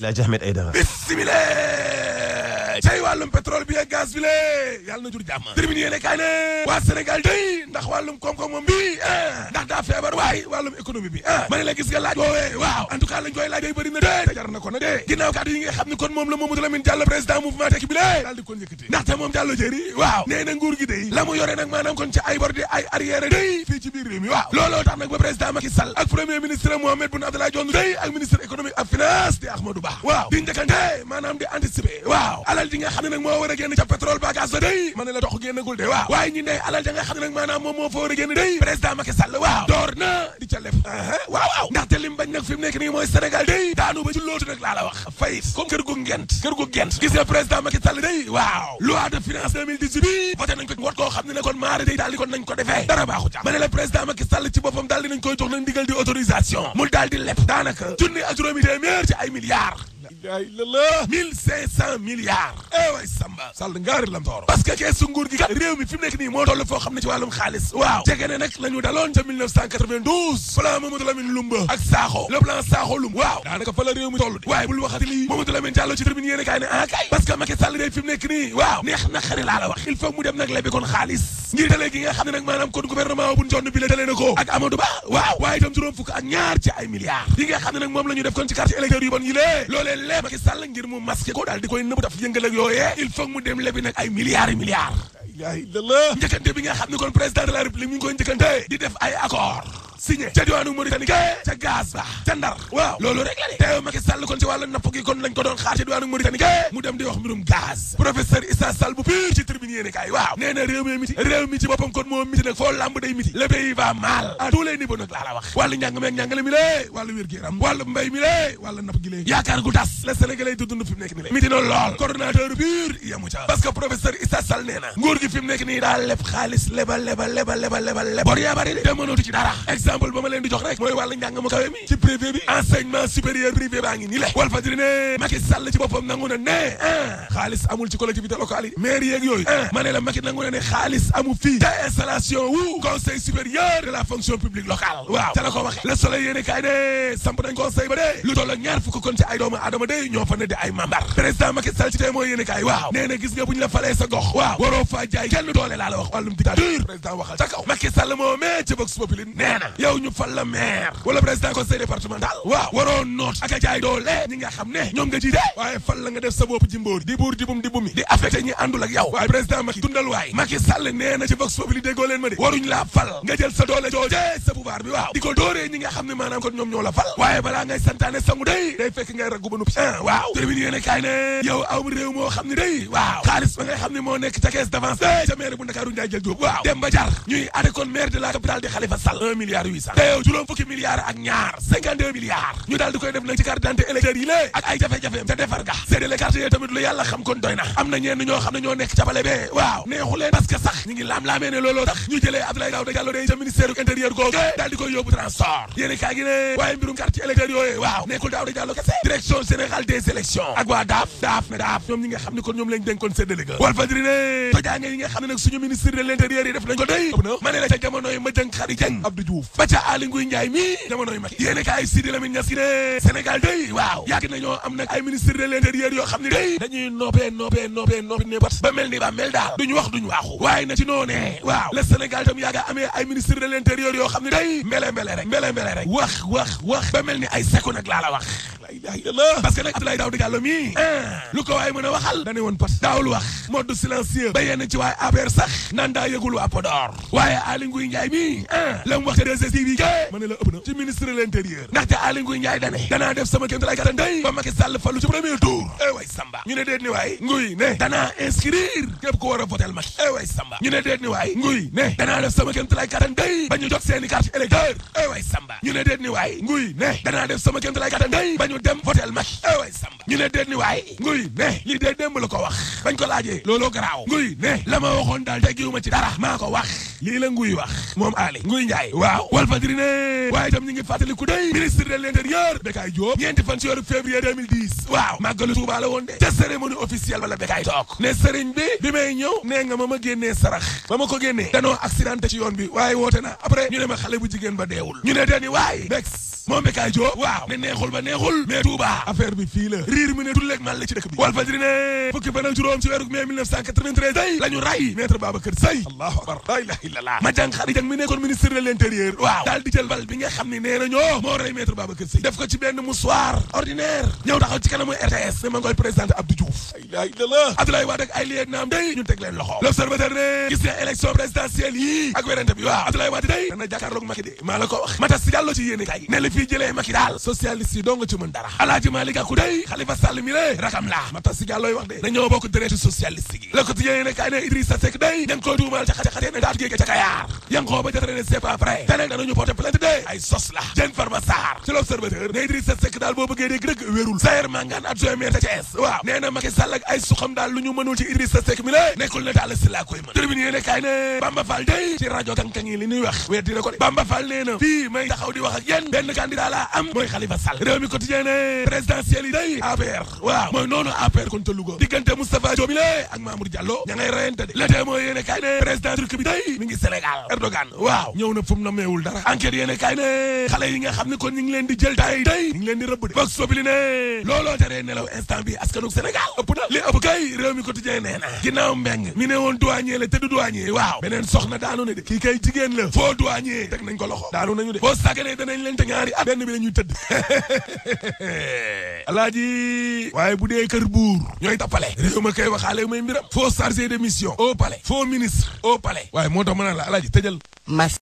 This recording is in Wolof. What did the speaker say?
لا الحاج اي ايدغا بسم الله waay tey wàllum pétrole bi ak gaz bi lée na jur jàmm termine yéene kaay ne waa Sénégal day ndax wàllum koom-koomam bi ah ndax daa feebar waay wàllum économie bi ah ma ne la laaj woowee waaw en tout cas laaj day bëri na dé te jar na ko nag yi nga xam kon moom la Mamadou Lamine Diallo président mouvement tekki bi lée daal di kon yëkkati ndaxte moom Diallo jëri nguur gi day la mu yoree nag maanaam kon ci ay bor di ay arrière day fii ci biir réew mi alal ji nga xam ne nag moo a génn ca pétrole ba gaz la a génn day président Macky Sall waaw na di ca lef waaw waaw ndaxte lim bañ nag fi mu nekk nii mooy Sénégal day daanu ba ci lootu nag laa la wax fayit comme kër gu ngent kër gu ngent gis nga président Macky Sall day waaw loi de finance 2018 bi voté nañ ko xam ne ne kon maara day daal di ko defee dara baaxu ca ma ne la président Macky Sall ci boppam daal di nañ jox nañ ndigal di autorisation mu daal di leb daanaka junni ak juróomi ay milliards ilaha illallah mille cinq eh way samba sàll ngaari lam tooro parce keesu nguur gi kat réew fi mu nii moo toll foo xam ne ci wàllum xaalis waaw jege ne nag daloon ca 1992 plan Mamadou Lamine Lumba ak Sakho le plan Sakho Lumba waaw daanaka la réew mi toll ah waaw neex na xari laa wax il faut mu dem nag lebi kon xaalis ngir dalee nga xam ne maanaam kon gouvernement bu jonn bi la ko ak Amadou Ba waaw waaye itam juróom fukk ak ñaar ci ay milliards yi loolee Macky Sall ngir mu masqué ko daal di koy nëbb daf yëngal ak yooyee il faut mu dem lebi nag ay milliards milliards. la ilaha illallah njëkkante bi nga xam ne kon président de la république mi koy njëkkante di def ay accord signé ca diwaanu Mauritanie gée ca gaz ba ca ndar waaw loolu rek la de teew Macky Sall kon ci kon ca diwaanu Mauritanie gée kon le pays va mal mi nekk nii daal leb xaalis lebal lebal lebal lebal lebal lebal bor yaa bari de mënootu ci dara exemple exemple ba ma leen di jox rek mooy wàllu njàng mu kawe la Macky nangu na ne xaalis conseil ba de lu toll ak ñaar fukk kon ci ay doomu aadama de ñoo fa ne di ay mambar président Macky Sall ci tey mooy yéene waaw nee gis nga bu la falee gox waaw waroo faa kenn doole laa wax wàllum dictature président waxal ca kaw Macky Sall moo ci Vox Populi nee yow ñu fal la maire wala président conseil départemental waaw waroo noot ak a jaay doole ñi nga xam ne ñoom nga jiite waaye fal la nga def sa bopp jimbóor di buur di bum di bumi di affecté ñi àndul ak yow waaye président maki dundal waay maki Sall nee na ci vox populi déggoo leen ma de waruñ laa fal nga jël sa doole jooje sa pouvoir bi waaw di ko dóoree ñi nga xam ne maanaam kon ñoom ñoo la fal waaye balaa ngay santaane sangu day day fekk ngay raggu ba nupp ah, waaw ñu yéene kaay ne yow aw réew moo xam ne day waaw xaalis ba nga xam ne moo nekk ca caisse d'avance ca maire bu Ndakaaru Ndiaye jël Diop waaw dem ba jar ñuy ade kon maire de la capitale di Khalifa Sall un milliard 800 te yow juróom fukki milliards ak ñaar 52 milliards ñu koy def nag ci carte d'identité électeurs yi lée ay jafe-jafeem te defar ga séddale carte yi day ca ministère intérieur googu daal koy yóbbu transport yéene kaa gi waaye mbirum carte électeurs yooyu waaw nekkul Daouda Diallo kese direction générale des élections ak waa daaf daaf ne daaf ñoom ñi nga xam ne kon ñoom lañ dénkoon séddale ga wal fadri ne tojaange yi nga xam ne nag suñu ministre de l'intérieur ba ca Aly Ngouille Ndiaye mii jamonoy mag yéene kaay Sidi Lamine Niass ne Sénégal day waaw yàgg nañoo am nag ay ministre de l'intérieur yoo xam ne day dañuy noppee noppee noppee noppi ne bat ba mel ni ba mel daal duñu wax duñu waaxu waaye na ci noonee waaw le Sénégal tam yàgg amee ay ministre de l'intérieur yoo xam ne day mbele mbele rek mbele mbele rek wax wax wax ba mel ni ay seko nag laa la wax ilaha illallah parce que nag Abdoulaye Daouda Diallo mii ah. lu ko waaye mën a waxal dane woon pat daawul wax mode silencieux ba yenn ci waaye affaire sax naan daa yëgul waa Podor waaye Aly Ngouille Ndiaye mii ah. la mu waxe desesi bi ma la ëpp na ci ministre l'intérieur ndaxte Aly Ngouille Ndiaye dane danaa def sama kéem talaay kattan day ba Macky Sall fallu ci premier tour eh way Samba ñu ne déet ni waay nguy ne danaa a eh def sama kéem talaay kattan day ba ñu jot seeni carte électeur eh ba dem votel Macky eh way samba ñu ne déet ni waay nguy ne lii de démb la ko wax bañ ko laajee looloo garaaw nguy ne la ma waxoon daal teggiwuma ci dara maa ko wax lii la nguy wax moom Ali nguy Ndiaye waaw wal fajri ne waaye itam ngi fàttali ku dey ministre de l'intérieur Bekaay Diop ñeenti fan ci weeru février waaw màggalu Tuuba la woon de ca cérémonie officielle wala Bekaay toog ne sëriñ bi bi may ñëw nee nga ma ma génnee sarax ba ma ko génnee ci yoon bi waaye woote na après ñu ne ma xale bu jigéen ba deewul ñu ne deni waay bex moom Bekaay Diop waaw ne neexul ba neexul mais Touba affaire illallah Madiang Khary Dieng mi nekkoon ministre de l'intérieur waaw daal di jël bal bi nga xam ne ñoo moo rey maître Babacar Seye def ko ci benn mouchoir ordinaire ñëw taxaw ci kanamu RTS ne ma ngoy présenté Abdou Diouf la ilaha ay liyeeg naam ñu teg leen loxo l'observateur ne gis nga élection présidentielle yi ak werante bi waaw Abdoulaye Wade day dana jàkkaarloog Macky de maa la ko wax Matas si Diallo ci yéene ci mën kay ne Idrissa Seck day dañ koy tuumaal jaxate-jaxate ne ca Kayar Yankhoba Diattara ne c'est pas vrai te nag danañu porter plainte de ay sos la Dieng Farba Sarr ci l'observateur ne Idrissa Seck daal boo bëggee dégg dëgg wérul Sayer Mangane adjoint maire ca Thiès waaw nee na Macky ay suxam daal lu ñu mënul ci Idrissa Seck mi la nekkul na daal si laa koy mën tribune yéene kaay ne Bamba Fall day ci rajo kankan yi wax weer dina ko de Bamba Fall nee na may taxaw di wax ak benn candidat laa am mooy ngi Sénégal Erdogan waaw ñëw na fu mu nameewul dara enquête yéene kaay ne yi nga xam ne kon ñu ngi leen di jël tay tay ñu ngi leen di rëbb de vox populi looloo teree nelaw instant bi askanu Sénégal ëpp na li ëpp kay réew mi quotidien nee na ginnaaw mbeng mi ne woon douanier la te du douanier waaw beneen soxna daanu ne de kii kay jigéen la foo douanier teg nañ ko loxo daanu nañu de boo sàgganee danañ leen te ñaari at benn la ñuy waaye bu dee kër buur ñooy tappale réew ma koy waxaale may foo chargé de mission au palais tax na ne la alaaji tëjal. mas